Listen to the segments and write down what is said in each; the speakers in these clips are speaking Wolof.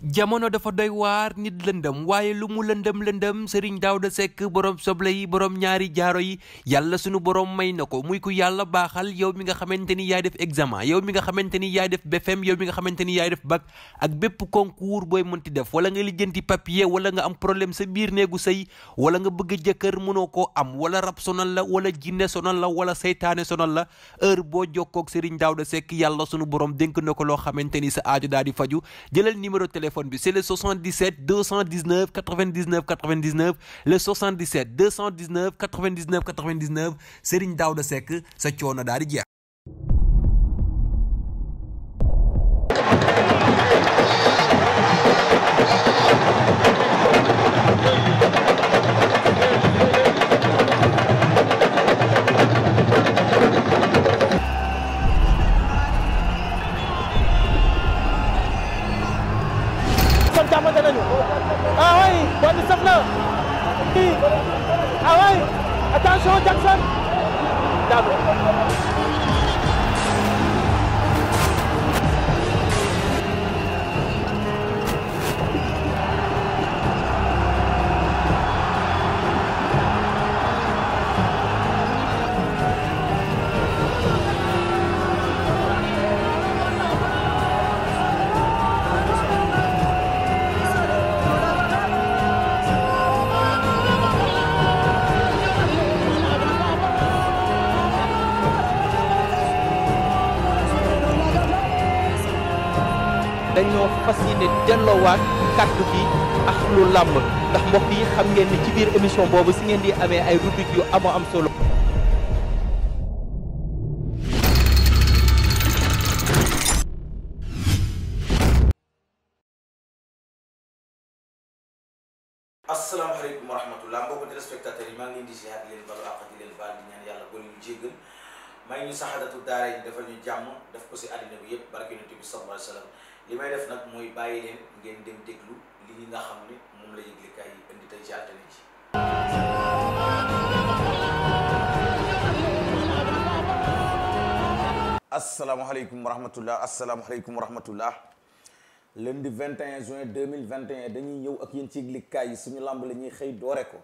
jamono dafa doy waar nit lëndëm waaye lu mu lëndëm lëndëm sëriñ da Seck borom soble yi borom ñaari jaaro yi yàlla sunu borom may na ko muy ku yàlla baaxal yow mi nga xamante ni yaay def examen yow mi nga xamante ni yaay def BFM e yow mi nga xamante ni yaay def bac ak bépp concours booy mënti def wala nga lijjanti papier wala nga am problème sa biir néegu sëy wala nga bëgg jëkkër mënoo koo am wala rab sonal la wala jinne sonal la wala seytaane sonal la heure boo jokkoog sëriñ Daawda Seck yàlla sunu borom dénk na ko loo xamante ni sa aajo daal di faju jëlal numéro téléphone téléphone bi c'est le 77 219 99 99 le 77 219 99 99 Serigne Daouda Seck sa coono daal di jeex. ñoom jàmmante nañu ah oui bon di saf na kii ah oui attention Jackson d'accord ne delloowaat kàddu gi ak lu làmb ndax mbokk yi xam ngeen ni ci biir émission boobu si ngeen di amee ay rubrique yu amoo am solo. asalaamaaleykum wa rahmatulah mbokk téléspectateurs yi maa ngi leen di ziar di leen balu àq di leen baal di ñaan yàlla boole ñu jéggal may ñu saxadatu daara yi defal ñu jàmm def ko si àddina bi yëpp barke yonent bi sallallahu alayhi wa sallam li may def nag mooy bàyyi leen ngeen dem déglu li nga xam ne moom la yëglekaay yi indi tey ci àttali ci asalaamaaleykum wa rahmatullah asalaamaaleykum wa rahmatullah lundi 21 juin dañuy ñëw ak yéen ci yëglekaay yi suñu lamb la ñuy xëy doore ko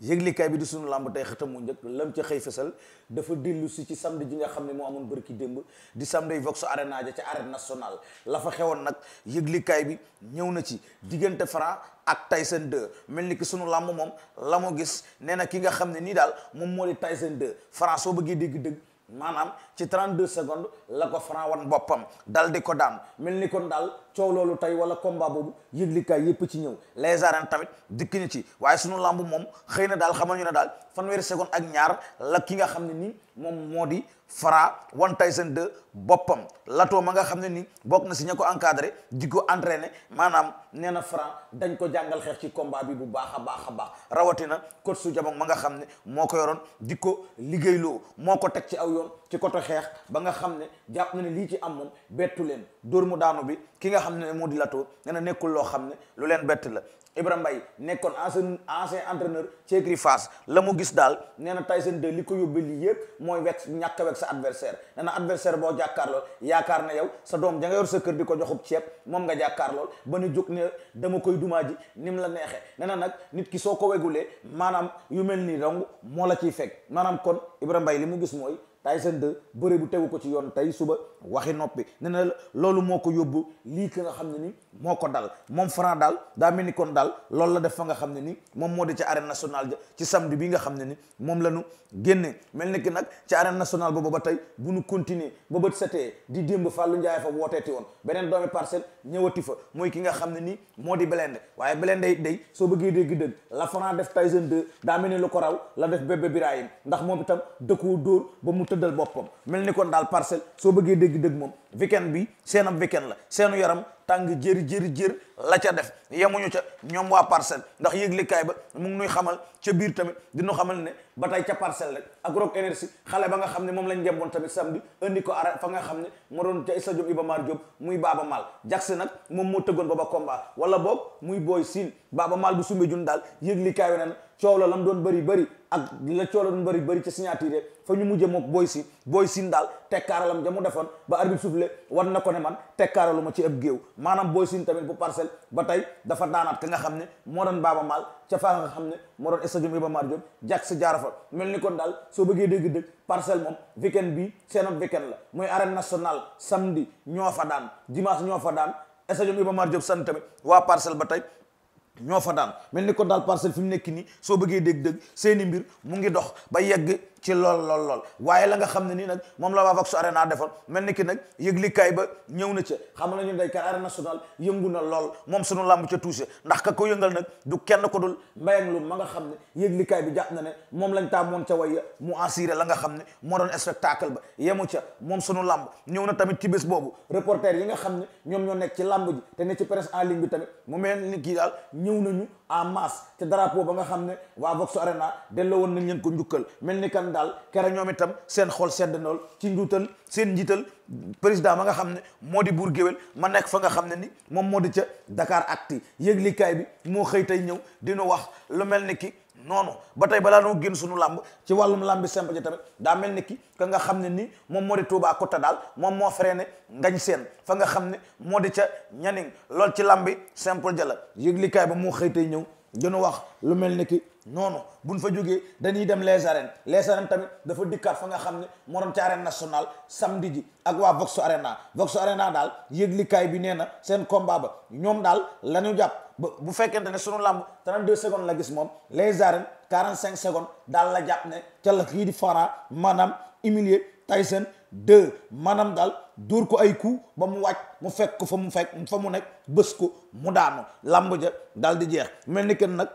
yëglikaay bi di sunu làmb tey xëtam mu njëkk lam ca xëy fesal dafa dellu si ci samedi ji nga xam ne moo amoon bërki démb di samedi Vox Arena ja ca arène nationale la fa xewoon nag yëglikaay bi ñëw na ci diggante Franc ak Tyson de mel ni ki sunu làmb moom la mu gis nee na ki nga xam ne nii daal moom moo di Tyson de Franc soo bëggee dégg dégg maanaam ci 32 secondes la ko Franc wan boppam dal di ko daan mel ni kon daal coow loolu tey wala combat boobu yëglikaay yëpp ci ñëw les arènes tamit dikk ñu ci waaye suñu lamb moom xëy na daal xamal ñu ne daal fanweeri seconde ak ñaar la ki nga xam ne nii moom moo di Fra One Tyson 2 boppam lato ma nga xam ne nii bokk na si ña ko encadré di ko entraîné maanaam nee na Fra dañ ko jàngal xeex ci combat bi bu baax a baax a baax rawatina coach su jamono ma nga xam ne moo ko yoroon di ko liggéeyloo moo ko teg ci aw yoon ci côté xeex ba nga xam ne jàpp na ne lii ci am bettu leen dóor mu daanu bi ki nga xam ne moo di Lato nee na nekkul loo xam ne lu leen bett la Ibrahima mbay nekkoon ancien ancien entraîneur ci écurie Fass la mu gis daal nee na Tyson 2 li ko yóbbee lii yëpp mooy wekk ñàkk a wekk sa adversaire nee na adversaire boo jàkkaarlool yaakaar na yow sa doom ja nga yor sa kër di ko joxub ceeb moom nga jàkkaarlool ba nu jóg ne dama koy dumaa ji ni mu la neexee nee nag nit ki soo ko wegulee maanaam yu mel nii dong moo la ciy fekk maanaam kon Ibrahima Mbaye li mu gis mooy Tyson 2 bëre bu tegu ko ci yoon tey suba waxi noppi nee na loolu moo ko yóbbu lii ki nga xam ne ni moo ko dal moom Franc daal daa mel ni kon daal loolu la def fa nga xam ne ni moom moo de ca arène national ja ci samedi bi nga xam ne ni moom la ñu génne mel ni que nag ci arène nationale boobu ba tey bu ñu continuer ba bët setee di démb Fallou Ndiaye fa wooteeti woon beneen doomi parcelle ñëwati fa mooy ki nga xam ne ni moo di Blindé waaye beleen Blindé day soo bëggee dégg dëgg la Franc def Tyson 2 daa mel ni lu ko raw la def Bébé Birahim ndax moom itam dëkkoo dóor ba mu tëddal boppam mel ni kon daal parcelle soo bëggee dégg moom weekend bi seen la seenu yaram tàng jër jër jër la ca def yemuñu ca ñoom waa parcelle ndax yëglikaay ba mu ngi nuy xamal ca biir tamit dinu xamal ne ba tey ca parcelle rek ak Rock Énergie xale ba nga xam ne moom lañ jëmboon tamit samedi indi ko ara fa nga xam ne moo doon ca Isa Diop Iba Mar Diop muy Baaba Maal Jackson nag moom moo tëggoon booba combat wala boog muy Boy Sine Baaba Maal bu sumbe jun daal yëglikaay wi nan coow la lam doon bëri bëri ak la coow la doon bëri bëri ca signature fa ñu mujjee mook boy sin boy sin daal tekkaaralam ja mu defoon ba arbitre soufflé war na ko ne man tekkaaralu ma ci ab géew maanaam boy sin tamit bu parcelle ba tey dafa daanaat ka nga xam ne moo doon baaba maal ca faa nga xam ne moo doon stade Iba Mar Diop jàk sa jaara fa mel ni kon daal soo bëggee dégg dëgg parcelle moom weekend bi seenob weekend la muy arène nationale samedi ñoo fa daan dimanche ñoo fa daan stade Iba Mar Diop sant tamit waa parcelle ba tey ñoo fa daan mel ni ko daal parcelle fi mu nekk nii soo bëggee dégg-dégg seeni mbir mu ngi dox ba yegg ci lool lool lool waaye la nga xam ne nii nag moom la waa Vox Arena defoon mel ni ki nag yëglikaay ba ñëw na ca xam nañu day kar arène nationale yëngu na lool moom sunu làmb ca touché ndax ka ko yëngal nag du kenn ko dul mbayang lu ma nga xam ne yëglikaay bi jàpp na ne moom lañ taamoon ca ya mu assuré la nga xam ne moo doon spectacle ba yemu ca moom sunu làmb ñëw na tamit ci bés boobu reporter yi nga xam ne ñoom ñoo nekk ci làmb ji te ne ci presse en ligne bi tamit mu mel nañu en masse te drapeau ba nga xam ne waa Vox Arena delloo woon nañ leen ko njukkal mel ni kan daal kere ñoom itam seen xool sedd nool ci njuutal seen njiital président ba nga xam ne moo di buur géwél ma nekk fa nga xam ne ni moom moo di ca Dakar Acti yëglikaay bi moo xëy tey ñëw dinu wax lu mel ni ki non ba tey balaa noo génn suñu làmb ci wàllum làmbi bi simple ji tamit daa mel ni ki ka nga xam ne nii moom moo di Touba Kota daal moom moo ne ngañ seen fa nga xam ne moo di ca ñaning lool ci làmb bi simple ja la yëglikaay ba moo xëy ñëw gën wax lu mel ni ki noonu buñ fa jógee dañuy dem les arènes les arènes tamit dafa dikkaat fa nga xam ne moroom ci arène nationale samedi ji ak waa Vox Arena Vox naa daal yëglikaay bi nee na seen combat ñoom daal la ñu jàpp ba bu fekkente ne sunu làmb 32 secondes la gis moom les arènes 45 secondes daal la jàpp ne ca kii di fara maanaam humilier Tyson 2 maanaam daal dóor ko ay coup ba mu wàcc mu fekk ko fa mu fekk fa mu nekk bës ko mu daanu làmb ja daal di jeex mel ni kenn nag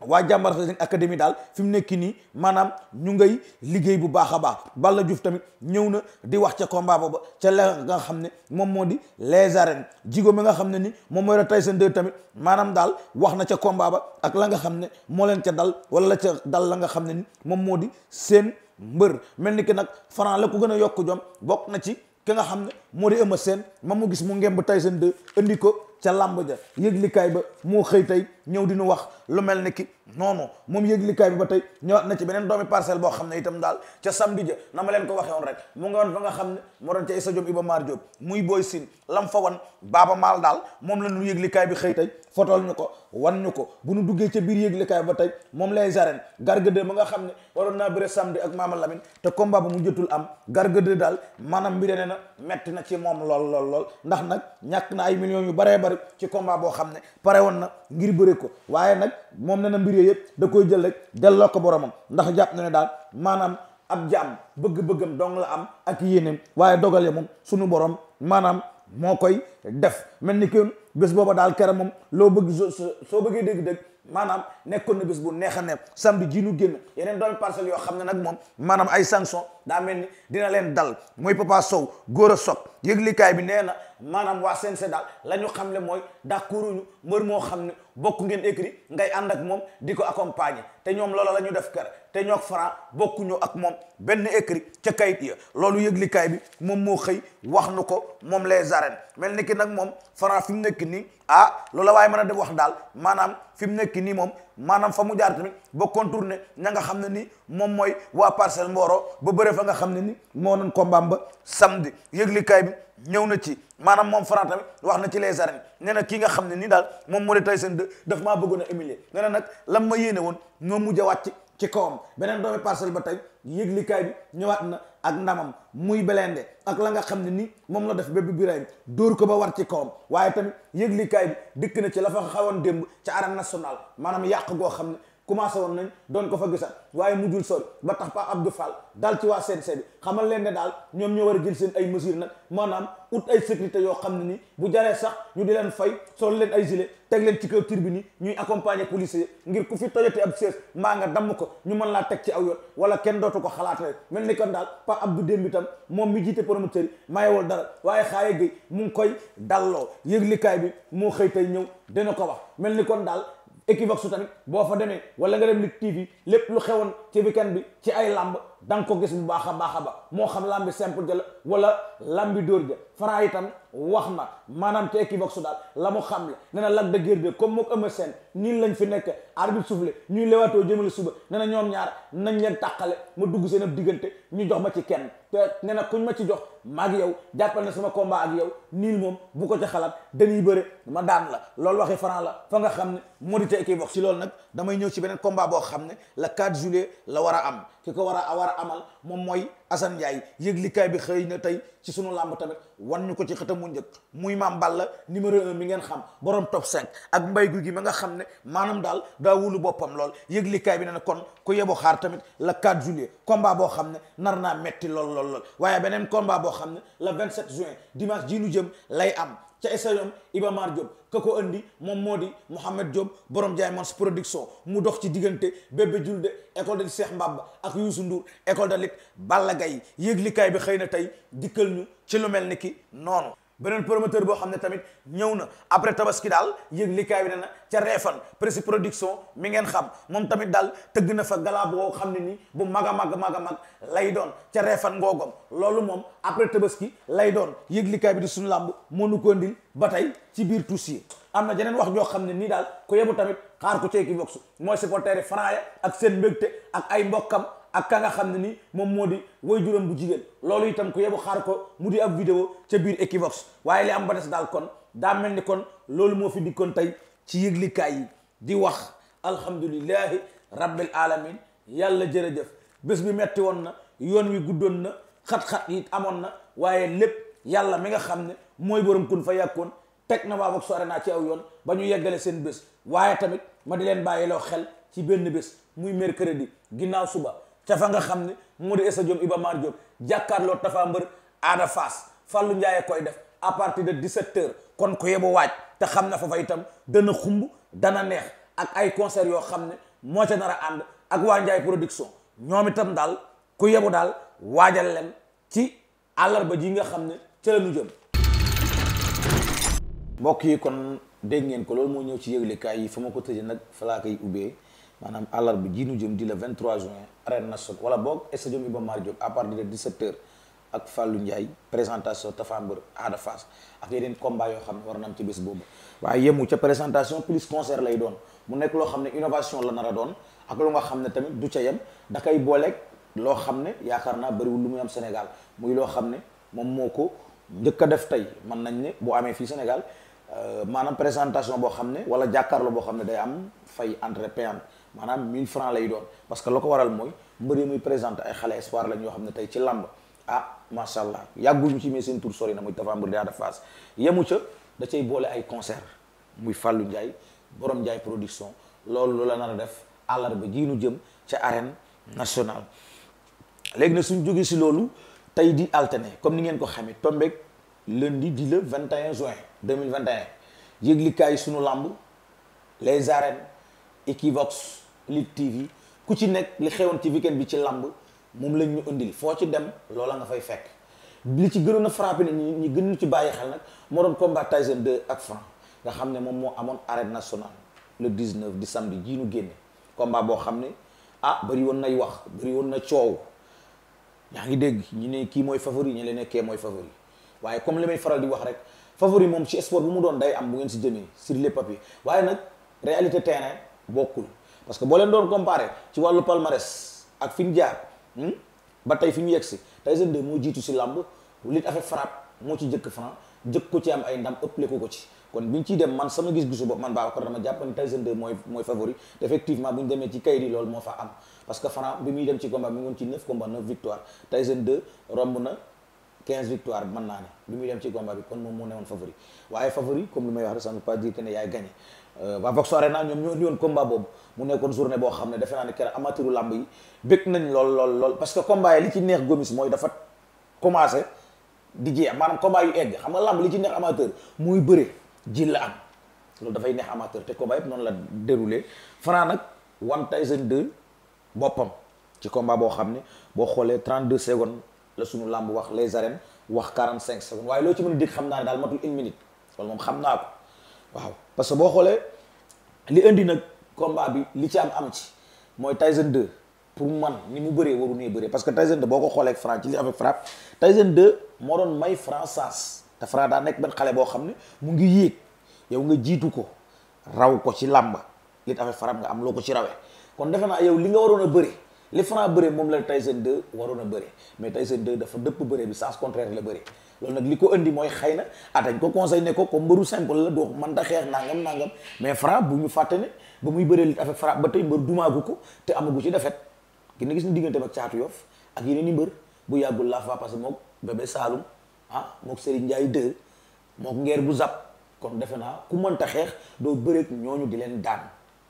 waa jàmbaar wrestling académie daal fi mu nekk nii maanaam ñu ngay liggéey bu baax a baax Balla Diouf tamit ñëw na di wax ca combat ba ca la nga xam ne moom moo di les arènes jigo mi nga xam ne ni moom mooy rek Tyson 2 tamit maanaam daal wax na ca combat ba ak la xam ne moo leen ca dal wala ca dal la nga xam ne ni moom moo di seen mbër mel ni ki nag Franc la ko gën a yokk jom bokk na ci ki nga xam ne moo di Eumeu seen moom mu gis mu ngemb Tyson 2 indi ko ca làmb ja yëglikaay ba moo xëy tey ñëw di nu wax lu mel ni ki non non moom yëglikaay bi ba tey ñëwaat na ci beneen doomi parcelle boo xam ne itam daal ca samedi ja na ma leen ko waxee woon rek mu nga woon fa nga xam ne moo doon ca stadium Iba Mar Diop muy booy sin lam fa wan baaba maal daal moom la ñu yëglikaay bi xëy tey fotool ñu ko wan ñu ko bu ñu duggee ca biir yëglikaay ba tey moom les arènes Garga 2 ba nga xam ne waroon naa bëre samedi ak Mama Lamine te combat ba mu jotul am Garga 2 daal maanaam mbir nee na metti na ci moom lool lool lool ndax nag ñàkk na ay millions yu bare bari ci combat boo xam ne pare woon na ngir bëre ko waaye nag moom ne na mbir yooyu yëpp da koy jël rek delloo ko boromam ndax jàpp na daal maanaam ab jaam bëgg-bëggam dong la am ak yéeneem waaye dogale moom suñu boroom maanaam moo koy def mel ni kon bés booba daal kere moom loo bëgg soo bëggee dégg-dégg maanaam nekkoon na bés bu neex a neex samedi ji nu génn yeneen doomi parcelles yoo xam ne nag moom maanaam ay sanction daa mel ni dina leen dal mooy Papa Sow góor a soog yëglikaay bi nee na maanaam waa CNG daal la ñu xam ne mooy ñu mbër moo xam ne bokk ngeen écrit ngay ànd ak moom di ko accompagner te ñoom loola la ñu def kar te ñoog Franc bokkuñu ak moom benn écrit ca kayit ya loolu yëglikaay bi moom moo xëy wax na ko moom les arènes nii ah loola waaye mën a def wax daal maanaam fi mu nekk nii moom maanaam fa mu jaar tamit ba contourné ña nga xam ne nii moom mooy waa parcelle Mboro ba bëre fa nga xam ne nii moo doon combat ba samedi yëglikaay bi ñëw na ci maanaam moom Franc tamit wax na ci les arènes nee na kii nga xam ne nii daal moom moo di Tyson 2 daf maa bëggoon a humilier nee na nag lam ma yéene woon ñoo mujj a wàcc ci kawam beneen doomi parcelle ba tey yëglikaay bi ñëwaat na ak ndamam muy belende ak la nga xam ne ni moom la def bébé Birahim dóor ko ba war ci kawam waaye tamit yëglikaay bi dikk na ci la fa xawoon démb ca arène national maanaam yàq goo xam ne commencé woon nañ doon ko fa gisaat waaye mujjul sori ba tax pa Abdou Fall dal ci waa CNG bi xamal leen ne daal ñoom ñoo war a jël seen ay mesures nag maanaam ut ay sécurité yoo xam ne ni bu jaree sax ñu di leen fay sol leen ay gile teg leen ci kër kaw bi yi ñuy accompagner policier ngir ku fi tojati ab siège mbaa nga damm ko ñu mën laa teg ci aw yoon wala kenn dootu ko xalaat rek mel ni kon daal pa Abdou bi tam moom mi jiite promoteur yi mayewul dara waaye xaaye gay mu ngi koy dalloo yëglikaay bi moo xëy tey ñëw dina ko wax Equivox su tamit boo fa demee wala nga dem Lutte TV lépp lu xewoon ci weekend bi ci ay lamb da ko gis bu baax a baax a ba moo xam lambi simple ja la wala lambi dóor ja fara itam wax na maanaam te Equivox daal la mu xam la nee na Lac de Guiers 2 comme mook Eumeu Sène ñin lañ fi nekk arbitre soufflé ñuy lewaatoo jëmale suba nee na ñoom ñaar nañ leen tàqale ma dugg seen ab diggante ñu jox ma ci kenn te nee na kuñ ma ci jox maag yow jàppal na sama combat ak yow nii moom bu ko ci xalaat dañuy bëre ma daan la lool waxi Franc la fa nga xam ne moo di te Equivox ci loolu nag damay ñëw ci beneen combat boo xam ne la 4 juillet la war a am ki ko war a war a amal moom mooy Assane Ndiaye yëglikaay bi xëy na tey ci sunu làmb tamit wan ñu ko ci xëtam mu njëkk muy maam la numéro un mi ngeen xam borom top cinq ak mbay gu gi ma nga xam ne maanaam daal daa wulu boppam lool yëglikaay bi ne na kon ku yebo xaar tamit la 4 juillet combat boo xam ne nar naa metti lool lool waaye beneen combat boo xam ne le 27 juin dimanche jii nu jëm lay am ca stadium Iba Mar Diop ka ko andi moom moo di Mouhamed Diop borom jaay mars production mu dox ci diggante Bébé Julde école de Cheikh Mbamba ak Youssou Ndour école de lit Balla Gaye yëglikaay bi xëy na tey dikkal ñu ci lu mel ni ki noonu beneen promoteur boo xam ne tamit ñëw na après tabaski daal yëg likaay bi ne na ca reefan prési production mi ngeen xam moom tamit daal tëgg na fa galaa boo xam ne nii bu mag a mag a mag a mag lay doon ca reefan ngoogom loolu moom après tabaski lay doon yëg likaay bi di suñu làmb mënu ko ndil ba tey ci biir tuus yi am na jeneen wax joo xam ne nii daal ku yebu tamit xaar ko ci Equivox mooy supporter yi Franc ya ak seen mbégte ak ay mbokkam ak ka nga xam ne ni moom moo di way juróom bu jigéen loolu itam ku yebu xaar ko mu di ab vidéo ca biir Equivox waaye li am ba des daal kon daa mel ni kon loolu moo fi dikkoon tey ci yëglikaay yi di wax alhamdulillahi rabbil alamin yàlla jërëjëf bés bi metti woon na yoon wi guddoon na xat-xat yi amoon na waaye lépp yàlla mi nga xam ne mooy borom kun fa yàkkoon teg na waa Vox naa ci aw yoon ba ñu yeggale seen bés waaye tamit ma di leen bàyyiloo xel ci benn bés muy mercredi ginnaaw suba ca fa nga xam ne mu di stade Iba Mar Diop jàkkaarloo Tapha Mbeur Ada Fass Fallou njaaye koy def à partir de 17h kon ko yebu waaj te xam na fa fa itam dana xumb dana neex ak ay concert yoo xam ne moo ca nar a ànd ak waa Ndiaye production ñoom itam daal ku yebu daal waajal leen ci àllarba ji nga xam ne ca la ñu jëm. mbokk yi kon dégg ngeen ko loolu moo ñëw ci yëglekaay yi fa ma ko tëjee nag fa koy ubbee. maanaam àllarba ji nu jëm di le 23 juin arène nationale wala boog stade Iba Mar Diop à partir de 17h ak Fallou Ndiaye présentation Tapha Mbeur Ada Fass ak yeneen combat yoo xam ne war na am ci boobu waaye yemu ca présentation plus concert lay doon mu nekk loo xam ne innovation la nara doon ak lu nga xam ne tamit du ca yem da kay loo xam ne yaakaar naa bëriwul lu muy am Sénégal muy loo xam ne moom moo ko njëkk a def tey mën nañ ne boo amee fii Sénégal euh, maanaam présentation boo xam ne wala jàkkaarloo boo xam ne day am fay entrée payante maanaam 1000 francs lay doon parce que la ko waral mooy mbër yi muy présenté ay xale espoir la ñoo xam ne tey ci làmb ah macha allah yàgguñu ci mais seen tour sori na muy Tapha Mbeur di Ada Fass yemu ca da cay boole ay concert muy Fallou Ndiaye borom Ndiaye production loolu la nar a def àllarba ji nu jëm ca arène nationale. léegi nag suñ jógee si loolu tey di alterner comme ni ngeen ko xamee tombeeg lundi di le 21 juin 2021 yëglikaay sunu làmb les arènes Equivox. Lutte TV ku ci nekk li xewoon ci weekend bi ci lamb moom lañ ñu indil foo ci dem loola nga fay fekk li ci gënoon a frappé ni ñi gën ñu ci bàyyi xel nag moo doon combat Tyson 2 ak Franc nga xam ne moom moo amoon arène nationale le 19 di samedi jii ñu génne combat boo xam ne ah bëri woon nay wax bëri woon na coow yaa ngi dégg ñu ne kii mooy favori ñi ne nekkee mooy favori waaye comme li may faral di wax rek favori moom ci sport bu mu doon day am bu ngeen si jëmee sur les papiers waaye nag réalité terrain bokkul parce que boo leen doon comparé ci wàllu palmarès ak fi ñu jaar hmm, ba tey fi ñu yegsi Tyson 2 moo jiitu si làmb lutte avec frappe moo ci jëkk Franc jëkk ko ci am ay ndam ëppale ko ko ci kon bi ñu ciy dem man sama gis-gisu bopp man Babacar dama jàpp ne Tyson 2 mooy mooy favori te effectivement bu ñu demee ci kayit yi loolu moo fa am parce que Franc bi muy dem ci combat mi ngi woon ci 9 combat 9 victoire Tyson 2 romb na 15 victoire mën naa ne bi muy dem Euh, waa Vox Arena ñoom ñoo indiwoon combat boobu mu nekkoon journée boo xam ne defe naa ne keroog amateuru làmb yi bëgg nañ lool lool lool parce que combat yi li ci neex gomis mooy dafa commencé di jeex maanaam combat yu egg xam nga làmb li ci neex amateur muy bëre ji la am loolu dafay neex amateur te combat yëpp noonu la déroulé Franc nag one Tyson 2 boppam ci combat boo xam ne boo xoolee 32 secondes la suñu làmb wax les arènes wax 45 secondes waaye loo ci mën xam naa ne daal matul une minute xam naa ko. waaw parce que boo xoolee li indi nag combat bi li ci am am ci mooy Tyson de pour man ni mu bëree waru nee bëree parce que Tyson 2 boo ko xoolee ak Franc ci li avec Franc Tyson 2 moo doon may Franc saas te Franc daa nekk benn xale boo xam ne mu ngi yéeg yow nga jiitu ko raw ko ci làmba li avec Franc nga am loo ko ci rawee kon defe naa yow li nga waroon a bëri li Franc bëre moom la Tyson 2 waroon a bëre mais Tyson 2 dafa dëpp bëre bi sens contraire la bëre loolu nag li ko indi mooy xëy na atañ ko conseil ne ko comme mbëru simple la doo mën ta xeex nangam nangam mais Franc bu ñu fàtte ne ba muy bëree lutte avec Franc ba tey mbër dumaagu ko te amagu ci defet ki na gis caatu yof ak yeneen i mbër bu yàggul laa fa parce que mook bébé Saloum ah mook Serigne Ndiaye 2 mook ngeer bu zap kon defe naa ku mënta xeex doo bëreeg ñooñu di leen daan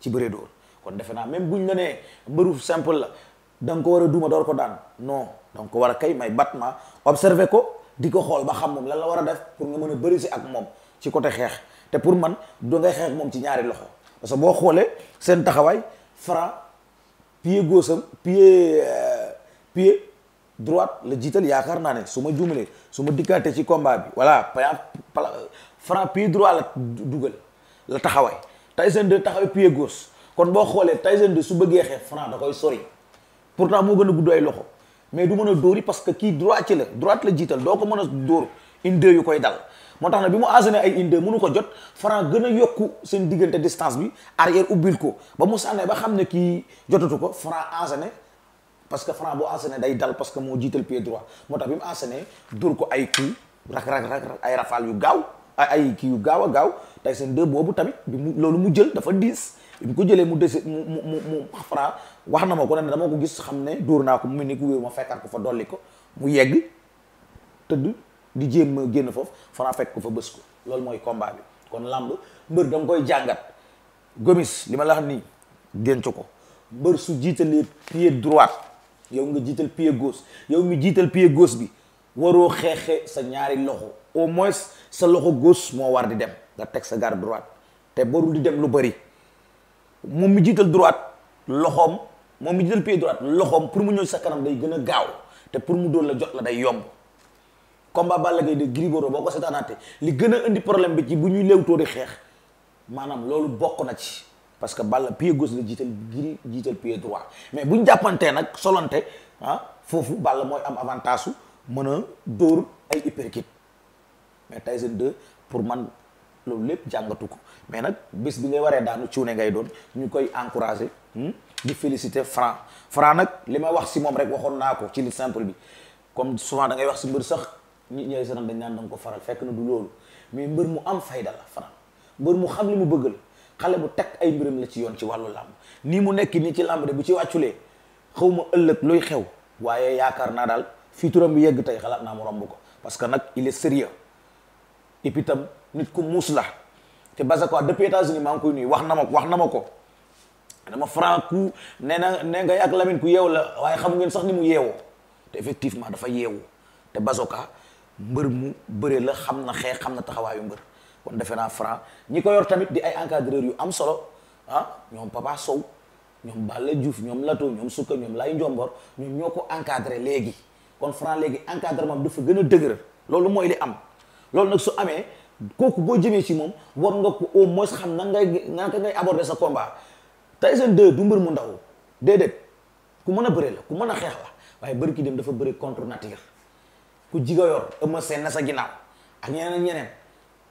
ci bëre door kon defe naa même buñ la nee mbëru simple la da ko war a duuma door ko daan non da nga ko war a kay may battement observer ko di ko xool ba xam moom lan la war a def pour nga mën a bëri si ak moom ci côté xeex te pour man du ngay xeex moom ci ñaari loxo parce que boo xoolee seen taxawaay Franc pied gauche am euh, la jiital yaakaar naa ne su ma juumalee su ma dikkaatee ci combat bi voilà Franc pied droit la dugal la taxawaay Tyson de taxawee pied gauche kon boo xoolee Tyson 2 su bëggee xee Franc da koy sori pourtant moo gën a gudd ay loxo mais du mën a dóori parce que kii droite la droite la jiital doo ko mën a dóor une yu koy dal moo tax nag bi mu asséné ay une mënu ko jot Franc gën a yokku seen diggante distance bi arrière ubbil ko ba mu sànnee ba xam ne kii jotatu ko Franc asséné parce que Franc boo asséné day dal parce que moo jiital pied droit moo tax bi mu ko ay kii rak rak rak ay rafal yu gaaw ay ay kii yu gaaw a gaaw Tyson de boobu tamit bi mu loolu mu jël dafa diis bi mu ko jëlee mu dese mu mu mu mu Franc wax na ma ko ne dama ko gis xam ne dóor naa ko mu mel ni ku ma fekkaat ko fa dolli ko mu yegg tëdd di jéem a génn foofu Franc fekk ko fa bës ko loolu mooy combat bi kon làmb mbër da koy jàngat gomis li ma la wax nii denc ko mbër su jiitalee pied droit yow nga jiital pied gauche yow mi jiital pied gauche bi waroo xeexe sa ñaari loxo au moins sa loxo gauche moo war di dem nga teg sa garde droite te barul di dem lu bëri moom mi jiital droit loxoom moom mi jiital pied droite loxoom pour mu ñëw sa kanam day gën a gaaw te pour mu doon la jot la day yomb combat Balla Gaye de Gris Bordeaux boo ko seetaanaatee li gën a indi problème bi ci bu ñuy léewtoo di xeex maanaam loolu bokk na ci parce que Balla pied gauche la jiital Gris jiital pied droit mais bu ñu jàppantee nag solonte ah foofu Balla mooy am avantage mën a dóor ay uppercut mais Tyson 2 pour man loolu lépp jàngatu ko mais nag bis bi ngay waree daanu ciw ne ngay doon ñu koy encouragé hmm, di féliciter Franc Franc nag li ma wax si moom rek waxoon naa ko ci li simple bi comme souvent da ngay wax si mbër sax ñi ñooy saran dañ naan danga ko faral fekk na du loolu mais mbër mu am fayda la Franc mbër mu xam li mu bëgg xale bu teg ay mbiram la ci yoon ci wàllu làmb nii mu nekk nii ci làmb de ci wàcculee xaw ma ëllëg looy xew waaye yaakaar naa daal fii turam bi yegg tey xalaat naa mu romb ko parce que nag il est sérieux et nit ku muus la te Bazakwa depuis États-Unis maa ngi koy wax na ma wax na ko dama franc ku nee na nee nga yàgg Lamine ku yeew la waaye xam ngeen sax ni mu yeewoo te effectivement dafa yeewu te basoka mbër mu bëre la xam na xee xam na taxawaayu mbër kon defe naa franc ñi ko yor tamit di ay encadreur yu am solo ah ñoom Papa Sow ñoom Balla Diouf ñoom Lato ñoom Sukka ñoom Lay njomboor ñoom ñoo ko encadré léegi kon franc léegi encadrement dafa gën a dëgër loolu mooy li am loolu kooku boo jëmee ci moom war nga ko au moins xam nan ngay nan ngay aborder sa combat Tyson de du mbër mu ndaw déedéet ku mën a bëre la ku mën a xeex la waaye bëri ki dem dafa bëri contre nature ku jiga yor ëmma seen na sa ginnaaw ak ñeneen ñeneen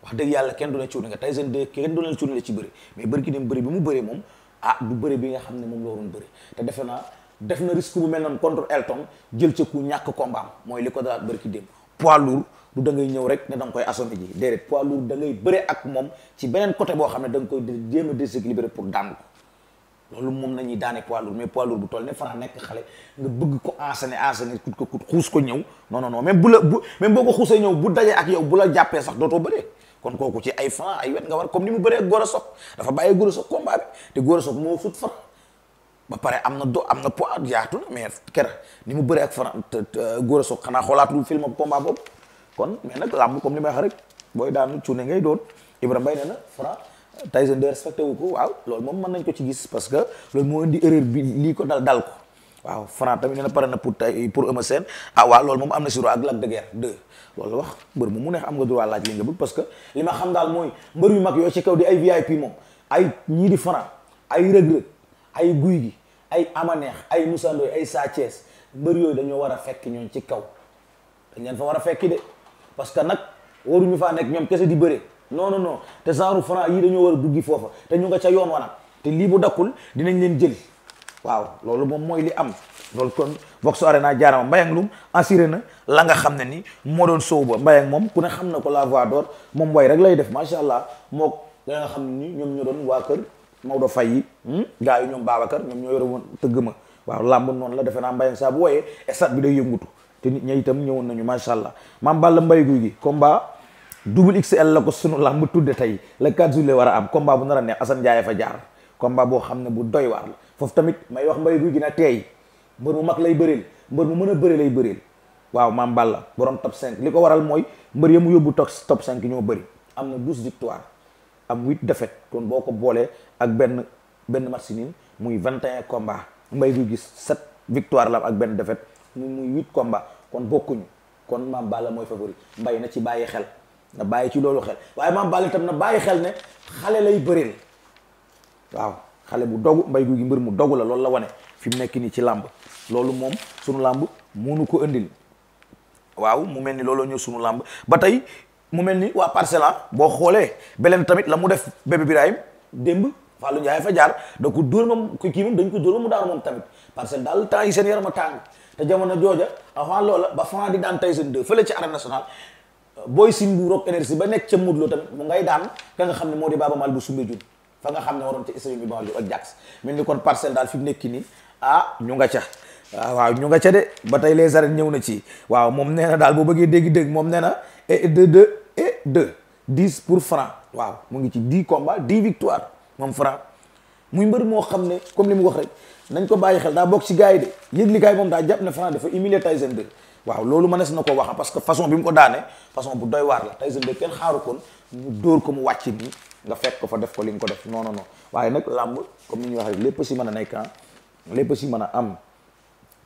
wax dëgg yàlla kenn du ne cuune nga Tyson 2 kenn du ne cuune la ci bëri mais bëri ki dem bëri bi mu bëree moom ah du bëri bi nga xam ne moom la waroon bëri te defe naa def na risque bu mel noonu contre Elton jël ca ku ñàkk combat mooy li ko dalaat bëri ki dem poids lourd lu da ngay ñëw rek ne da koy assommé ji déedéet poids lourd da ngay bëre ak moom ci beneen côté boo xam ne da nga koy jéem a déséquilibré pour daan ko loolu moom nañuy daane poids lourd mais poids lourd bu toll ne Franc nekk xale nga bëgg ko enseigné enseigné kut ko kut xuus ko ñëw non non non même bu la bu même boo ko xuusee ñëw bu dajee ak yow bu la jàppee sax dootoo kon kooku ci ay Franc ay wet nga war comme ni mu bëree ak Gora Sock dafa bàyyi Gora Sock combat bi te moo sut Franc ba pare am na do am na poids yaatu na mais kera ni mu bëree ak Franc Gora Sock xanaa xoolaatul film combat boobu kon mais nag làmb comme li may wax rek booy daanu cuune ngay doon Ibrahima Mbaye nee na Franc de respecté ko waaw loolu moom mën nañ ko ci gis parce que loolu moo indi erreur bi lii ko dal dal ko waaw Franc tamit nee na pare na pour tey pour Eumeu Sène ah waaw loolu moom am na si ak Lac de Guiers 2 loolu wax mbër mu mu neex am nga droit laaj li nga bëgg parce que li ma xam daal mooy mbër yu mag yooyu ci kaw di ay VIP moom ay ñii di Franc ay rëg ay guy gi ay amaneex ay Moussa ay Sa mbër yooyu dañoo war a fekk ñoon ci kaw parce que nag waruñu faa nekk ñoom kese di bëre non non non te genre franc yii dañoo war a duggi foofa te ñu nga ca yoon wa te lii bu dakkul dinañ leen jëli waaw loolu moom mooy li am loolu kon Vox naa jaarama mbayang lum assuré na la nga xam ne ni moo doon sow ba mbayang moom ku ne xam na ko la voix d'or moom way rek lay def macha allah moo la nga xam ne ni ñoom ñoo doon waa kër Maodo fay yi hmm? gars yi ñoom Babacar ñoom ñoo yore woon tëgg ma waaw làmb noonu la defe naa mbayang saa bu wooyee stade bi day yëngutu te nit ña itam ñëwoon nañu macha allah maam Balla Mbaye Guy gi combat double XL la ko sunu mu tudde tey le 4 juillet war a am combat bu nar a neex Assane Ndiaye fa jaar combat boo xam ne bu doy waar la foofu tamit may wax Mbaye Guy gi na tey mbër mu mag lay bëreel mbër mu mën a bëre lay bëreel waaw maam la borom top cinq li ko waral mooy mbër ya mu yóbbu top top 5 ñoo bëri am na 12 victoire am 8 défaite kon boo ko boolee ak benn benn match nul muy 21 combat Mbaye Guy gi 7 victoire la ak benn défaite muy muy kon bokkuñu kon maam Balla mooy favori mbay na ci bàyyi xel na bàyyi ci loolu xel waaye maam Balla itam na bàyyi xel ne xale lay bëril waaw xale bu dogu mbay gu gi mbir mu dogu la loolu la wane fi mu nekk nii ci làmb loolu moom sunu làmb munu ko indil waaw mu mel ni looloo ñëw sunu làmb ba tey mu mel ni waa parcella boo xoolee beleen tamit la mu def bébé Birahim démb Fallou Ndiaye fa jaar da ko dóor moom kii moom dañ ko dóor moom mu daanu moom tamit parcelle daal temps te jamono jooja avant loola ba Franc di daan Tyson 2 fële ci arène nationale booy si mbuur ak énergie ba nekk ca Modou Lo tamit mu ngay daan ka nga xam ne moo di Baaba Maal bu sumbe jun fa nga xam ne waroon ca stade bi Iba Mar Diop kon parcelle daal fi mu nekk nii ah, nga ca ah, waaw ñu nga ca de ba tey les arènes ñëw na ci waaw moom nee na daal boo bëggee dégg-dégg moom nee na et deux deux et pour Franc waaw mu ngi ci di combats dix victoires moom Franc muy mbër moo xam ne comme li mu wax rek nañ ko bàyyi xel daa bokk ci gars yi de yëglikaay moom daa jàpp ne Franc dafa humilier Tyson waaw loolu mënees na ko wax parce que façon bi mu ko daane façon bu doy waar la Tyson 2 kenn xaaru kon ñu dóor ko mu wàcc nii nga fekk ko fa def ko li mu ko def non non non waaye nag làmb comme ni ñuy wax rek lépp si mën a nekk ah lépp si mën a am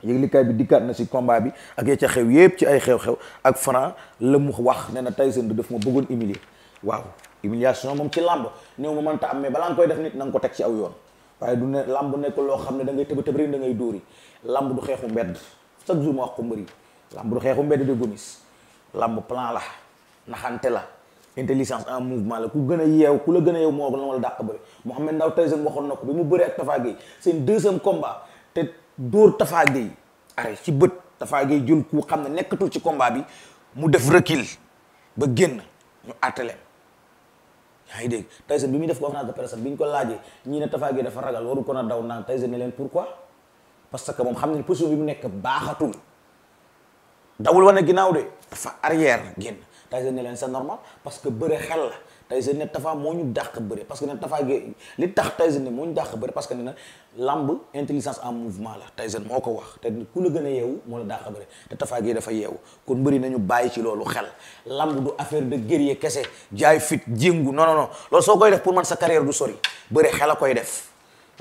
yëglikaay bi dikkaat na si combat bi ak ya ca xew yépp ci ay xew-xew ak Franc la mu wax ne na Tyson 2 daf ma bëggoon humilier waaw humiliation moom ci làmb néew ma mënta am mais balaa nga koy def nit na ko teg ci aw yoon waaye du ne làmb nekkul loo xam ne dangay ngay tëb tëb rek da ngay dóori làmb du xeexu mbedd chaque jour ma wax ko mbëri làmb du xeexu mbedd de gomis làmb plan la naxante la intelligence en mouvement la ku gën a yeew ku la gën a yeew moo la wala xam ne ndaw Ndao Tyson waxoon na ko bi mu bëri ak Tafa Gueye seen deuxième combat te dóor Tafa Gueye arrêt ci bët Tafa Gueye jël ku xam ne nekkatul ci combat bi mu def recul ba génn ñu yaa ngi dégg Tyson bi muy def conférence de presse bi ñu ko laajee ñii ne Tapha Gueye dafa ragal waru ko a daw naan Tyson ne leen pourquoi parce que moom xam ne position bi mu nekk baaxatul dawul wane ginnaaw de dafa arrière génn Tyson ne leen c'est normal parce que bëre xel la Tyson ne Tapha moo ñu dàq bëre parce que ne Tapha Gueye li tax Tyson ne moo ñu dàq bëre parce que ne na lamb intelligence en mouvement la Tyson moo ko wax te ku la gën a yeewu moo la dàq bëre te Tapha Gueye dafa yeewu kon bëri nañu bàyyi ci loolu xel lamb du affaire de guerrier kese jaay fit jéngu non non non lool soo koy def pour man sa carrière du sori bëre xel a koy def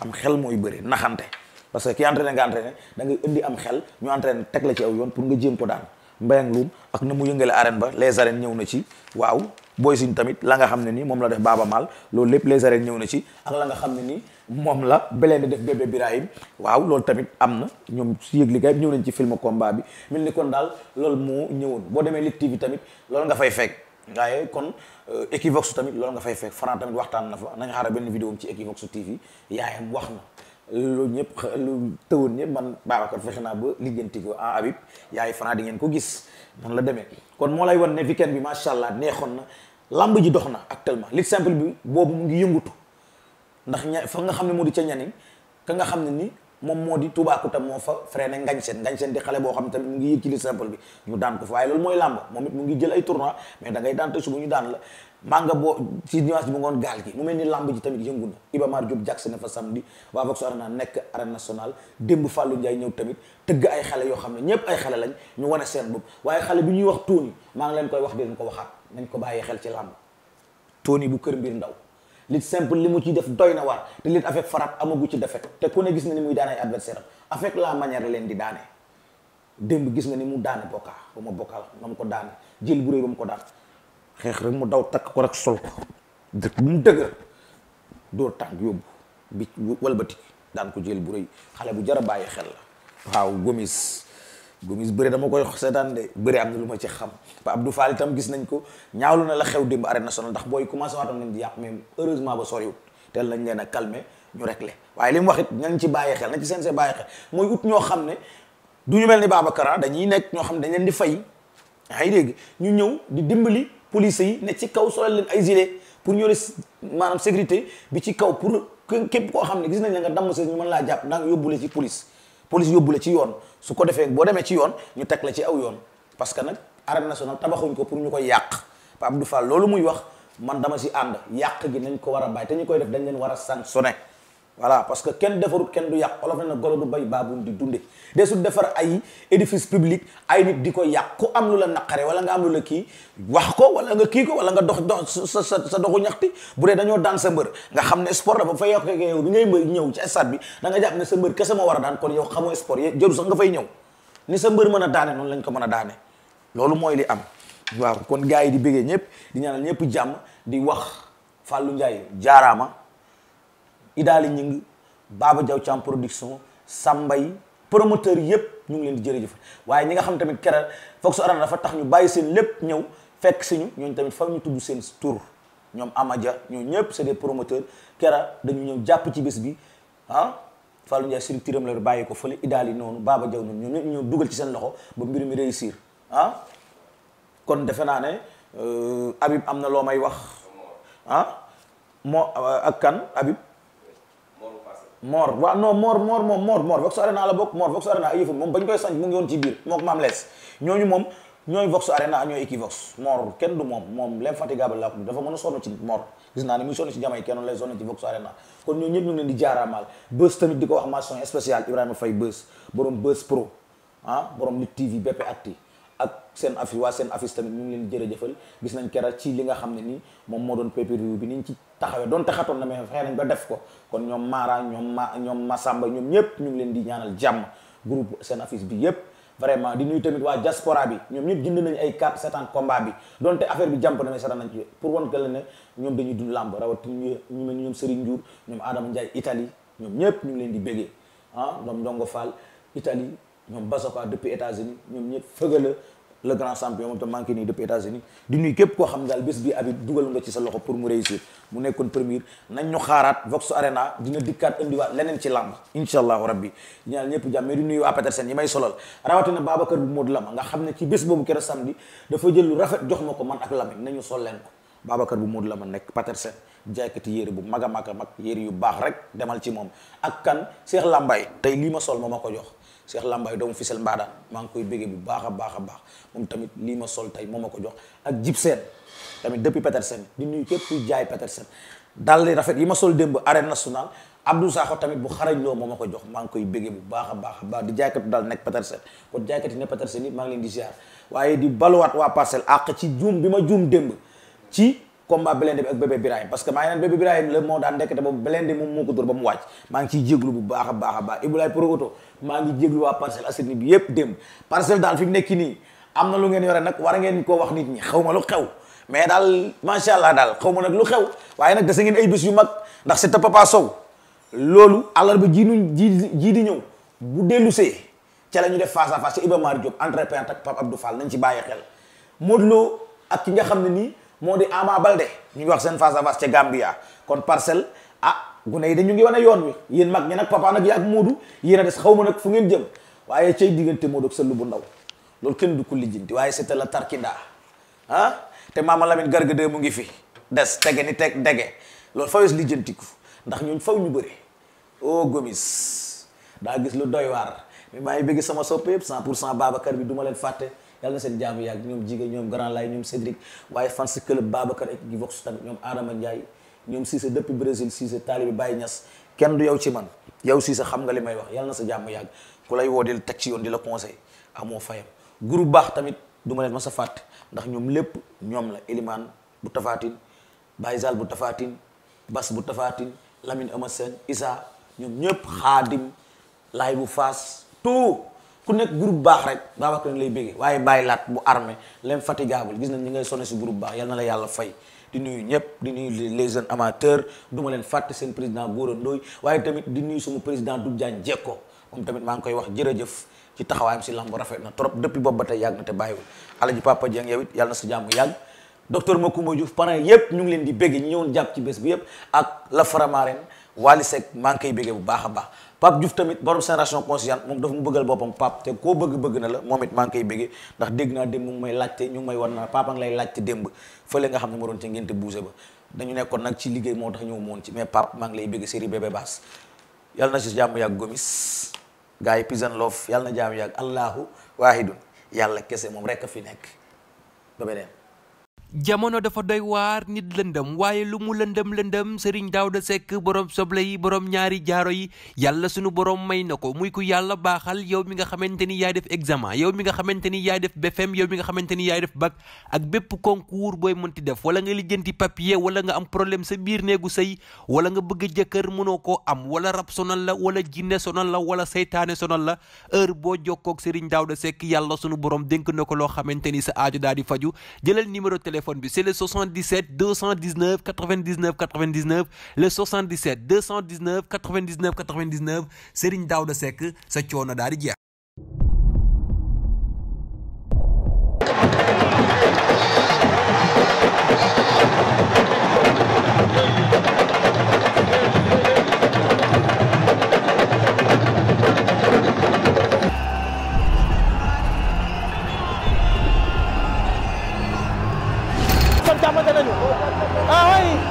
am xel mooy bëri naxante parce que ki entraîné nga entraîné da ngay indi am xel ñu entraîné teg la ci aw yoon pour nga jéem ko daan mbayang luum ak na mu yëngale arène ba les arènes ñëw na ci waaw Boy Sine tamit la nga xam ne ni moom la def Baaba Maal loolu lépp les ñëw na ci ak la nga xam ne nii moom la beleen di def bébé Birahim waaw loolu tamit am na ñoom si yëg liggéey ñëw nañ ci film combat bi mel ni kon daal loolu moo ñëwoon boo demee Lutte TV tamit loolu nga fay fekk waaye kon euh, Equivox tamit loolu nga fay fekk Franc tamit waxtaan na fa nañ xaaral benn vidéo ci Equivox na lu ñëpp lu tëwoon ñëpp man Babacar fexe naa ba liggéenti ko ah Habib yaay Franc di ngeen ko gis noonu la demee kon moo lay wan ne weekend bi macha allah neexoon na làmb ji dox na actuellement lutte simple bi boobu mu ngi yëngutu ndax ña fa nga xam ne moo di ca ñaniñ ka nga xam ne ni moom moo di Toubacouta moo fa freiné ngañ seen ngañ seen di xale boo xam ne tamit mu ngi yëg ci lutte simple bi ñu daan ko fa waaye loolu mooy làmb moom it mu ngi jël ay tournoi mais da ngay daan te suba ñu daan la maa nga boo ci nuance bi mu ngoon gaal gi mu mel ni làmb ji tamit yëngu na Iba Mar Diop jàkk na fa samedi waa Vox Arena nekk arène nationale démb Fallou Ndiaye ñëw tamit tëgg ay xale yoo xam ne ñépp ay xale lañ ñu wane seen bopp waaye xale bi ñuy wax Tony maa ngi leen koy wax di ko waxaat nañ ko bàyyi xel ci lamb Tony bu kër mbir ndaw lit simple li mu ci def doy na war te lit avec farat amagu ci defet te ku ne gis na ni muy daan ay adversaire am avec la manière leen di daane démb gis nga ni mu daane bokkaa ba ma bokkal ba ko daane jël bu rëy ba mu ko daan xeex rek mu daw takk ko rek sol ko dëkk bu mu dëgër dóor tànk yóbbu bi walbati daan ko jël bu rëy xale bu jara bàyyi xel la waaw gomis gomis bëri dama koy seetaan de bëri am na lu ma ci xam pa Abdou Fall itam gis nañ ko ñaawlu na la xew démb arène nationale ndax booy commencé waatam nañ di yàq mais heureusement ba soriwut teel lañ leen a calmer ñu réglé waaye li mu wax it nañ ci bàyyi xel nañ ci seen see bàyyi xel mooy ut ñoo xam ne du ñu mel ni Babacar dañuy nekk ñoo xam ne dañ leen di fay yaa ñu ñëw di dimbali police yi ne ci kaw solal leen ay gilet pour ñëw maanaam sécurité bi ci kaw pour képp koo xam ne gis nañ la nga dam sa ñu man laa jàpp ndax yóbbule ci police police yóbbule ci yoon su ko defee boo demee ci yoon ñu teg la ci aw yoon parce que nag arène nationale tabaxuñ ko pour ñu koy yàq Pape Abdou Fall loolu muy wax man dama si ànd yàq gi nañ ko war a bàyyi te ñu koy def dañ leen war a sanctionné voilà parce que kenn defarut kenn du yàq olof na ne golo du bay baabuñ di dunde desul defar ay édifice public ay nit di ko yàq am lu la naqare wala nga am lu la kii wax ko wala nga kii ko wala nga dox dox sa sa doxu ñaxti bu dee dañoo daan sa mbër nga xam ne sport dafa fa yokk yow bi ñëw ci stade bi da nga jàpp ne sa mbër kese moo war a daan kon yow xamoo sport ni sa mbër mën a daane noonu lañ ko mën a daane loolu mooy li am waaw kon gars yi di bëggee ñëpp di ñaanal ñëpp jàmm di wax fàllu Ndiaye jaaraama Idaali Ñing Baba Diaw Thiam production Sambay promoteur yëpp ñu ngi leen di jërëjëfal waaye ñi nga xam tamit keral Vox Arena dafa tax ñu bàyyi seen lépp ñëw fekk si ñu ñooñu tamit fa ñu tudd seen tur ñoom Amadia ñoo ñëpp c'est des promoteurs kera dañu ñëw jàpp ci bis bi ah Fallou Ndiaye structure am la bàyyi ko idaal yi noonu Baba Diaw noonu ñoo ñëpp ñëw dugal ci seen loxo ba mbir mi réussir ah kon defe naa ne euh, Habib am na loo may wax ah. moo ak kan Habib Mor waaw non Mor Mor moom Mor Mor Vox Arena la bokk Mor Vox Arena yëfu moom bañ koy sañ mu ngi woon ci biir moom maam lees ñooñu moom ñooy Vox Arena ñooy Equivox Mor kenn du moom moom l'infatigable la ko dafa mën a sonn ci Mor gis naa ne muy sonn ci jamay kenn lay sonn ci Vox Arena kon ñoo ñëpp ñu ngi leen di jaaraamaal bës tamit di ko wax mention spéciale Ibrahima Faye bës borom bës pro ah borom nit TV BP Acti ak seen affiche waa seen affiche tamit ñu ngi leen di jërëjëfal gis nañ kera ci li nga xam ne nii moom moo doon pay-per-view bi niñ ci taxawee doon taxatoon na mais fexe nañ ba def ko kon ñoom Mara ñoom ma ñoom Masamba ñoom ñëpp ñu ngi leen di ñaanal jàmm groupe seen affiche bi yëpp vraiment di nuyu tamit waa diaspora bi ñoom ñëpp jënd nañu ay carte seetaan combat bi donte affaire bi jàmp na mais seetaan nañ ci pour wan que la ne ñoom dañuy dund làmb rawatina ñu ñoom Serigne Ndiour ñoom Adama Ndiaye Italie ñoom ñëpp ñu ngi leen di béggee ah ñoom Ndongo Fall Italie ñoom Basoka depuis États-Unis ñoom ñëpp fëgala le grand champion moom tam manqué nii depuis États-Unis di nuyu képp koo xam daal bés bi Habib dugal nga ci sa loxo pour mu réussir mu nekkoon premier nañ ñu xaaraat Vox Arena dina dikkaat indiwaat leneen ci làmb incha allahu rabbi ñaan ñëpp jàmm mais di nuyu waa Petersen yi may solal rawatina Babacar bu Modou Lama nga xam ne ci bés boobu keroog samedi dafa jël lu rafet jox ma ko man ak Lamine nañu sol leen ko Babacar bu Modou Lama nekk Petersen jaaykati yére bu mag a mag mag yére yu baax rek demal ci moom ak kan Cheikh Lambaye tey lii ma sol moo ma ko jox Cheikh Lambaye doomu Fissel Mbadaan maa ngi koy béggee bu baax a baax a baax moom tamit lii ma sol tey moo ma ko jox ak jib seen tamit depuis Petersen di nuyu képp kuy jaay Petersen dal li rafet yi ma sol démb arène nationale Abdou Sakho tamit bu xarañ loo moo ma ko jox maa ngi koy béggee bu baax a baax a baax di jaaykatu waa parcelle àq bi ma juum démb ci combat Blindé bi ak bébé mu wàcc maa ngi bu baax a baax a baax Ibulaay maa ngi jéglu waa Parcelles Assainies bi yépp dem parcelle daal fi mu nekk nii am na lu ngeen yore nag war ngeen koo wax nit ñi xaw ma lu xew mais daal macha allah daal xaw ma nag lu xew waaye nag dese ngeen ay bis yu mag ndax c'est Papa Sow loolu àllarba jii nu ji ji di ñëw bu dellusee ca la ñu def face à face ci Iba Mar Diop entrepreneur ak Pape Abdou nañ ci bàyyi xel Modou loo ak ki nga xam ne nii moo di Ama Balde ñu ngi wax seen face à face ca Gambia kon parcelle ah gune yi dañu ngi wane yoon wi yéen mag ñi nag papa nag yaag Moodu yéen a des xaw ma nag fu ngeen jëm waaye cay diggante Moodu ak sëllu bu ndaw loolu kenn du ko lijjanti waaye c'était la tarkinda ah te maama Lamine Garga de mu ngi fi des tege ni teg dege loolu fawes lijjantiku ndax ñooñ faw ñu bëri oh gomis daa gis lu doy waar mais maa ngi bëgg sama soppe yëpp cent pour cent Babacar bi du leen fàtte yàlla na seen jaamu yàgg ñoom jigéen ñoom Grand Lay ñoom Cédric waaye fan si club Babacar ak Vox tamit ñoom Adama Ndiaye ñoom Cissé depuis Brésil Cissé taalibi Baye Niass kenn du yow ci man yow Cissé xam nga li may wax yàlla na sa jàmm yàgg ku lay woo del teg ci yoon di la conseil amoo fayam group baax tamit du ma leen ma sa fàtte ndax ñoom lépp ñoom la Eliman bu tafaatin Baye Zal bu tafaatin Bas bu tafaatin Lamine Ama Sène Issa ñoom ñëpp xaadim laay bu faas tout ku nekk groupe baax rek Babacar lay bégee waaye bàyyi laat bu armé leen fatigable gis nañ ñi ngay sonné si groupe baax yal na la yàlla fay di nuyu ñëpp di nuyu les jeunes amateurs du leen fàtte seen président Gora Ndoye waaye tamit di nuyu suma président Doudou Diagne jekko moom tamit maa ngi koy wax jërëjëf ci taxawaayam si lamb rafet na trop depuis boobu ba tey yàgg na te bàyyiwul Alaji Papa Dieng yow it yàlla na sa jàmm yàgg docteur Macoumba Diouf parrain yëpp ñu ngi leen di bégge ñu ñëwoon jàpp ci bés bi yëpp ak la Faramareen Wally Seck maa ngi koy bégge bu baax a baax Pape Diouf tamit borom génération consciente moom dafa mu bëggal boppam Pape te koo bëgg-bëgg na la moom it maa ngi koy bëggee ndax dégg naa démb mu ngi may te ñu may wan naa Pape a ngi lay démb fële nga xam ne ma doon ci ngénte bouse ba dañu nekkoon nag ci liggéey moo tax ñëw moon ci mais Pape maa ngi lay bëgg série bébé baas yàlla na si jàmm yàgg gomis gars yi pisan loof yàlla jàmm yàgg allahu waahidun yàlla kese moom rek a fi nekk ba beneen jamono dafa doy waar nit lëndëm waaye lu mu lëndëm lëndëm daaw da Seck borom soble yi borom ñaari jaaro yi yàlla sunu borom may na ko muy ku yàlla baaxal yow mi nga xamante ni yaay def examen yow mi nga xamante ni yaay def BFM e yow mi nga xamante ni yaay def bac ak bépp concours booy mënti def wala nga lijjanti papier wala nga am problème sa biir néegu sëy wala nga bëgg jëkkër mënoo koo am wala rab sonal la wala jinne sonal la wala seytaane sonal la heure boo jokkoog Serigne Daouda Seck yàlla sunu borom dénk na ko loo xamante ni sa aajo daal di faju jëlal numéro téléphone téléphone bi c'est le 77 219 99 99 le 77 219 99 99 Serigne Daouda Seck sa coono daal di jeex.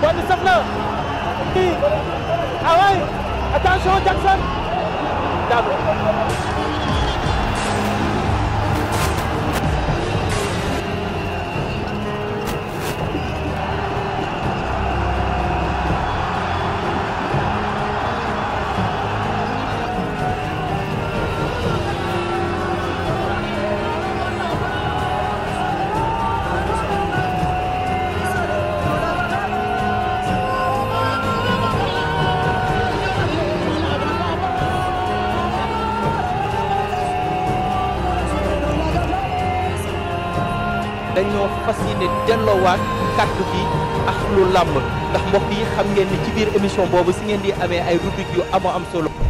wàllu saf na kii ah waay attention Jackson Dabo delluwaat kàddu gi ak lu làmb ndax mbokk yi xam ngeen ni ci biir émission boobu si ngeen di amee ay rubrique yu am am solo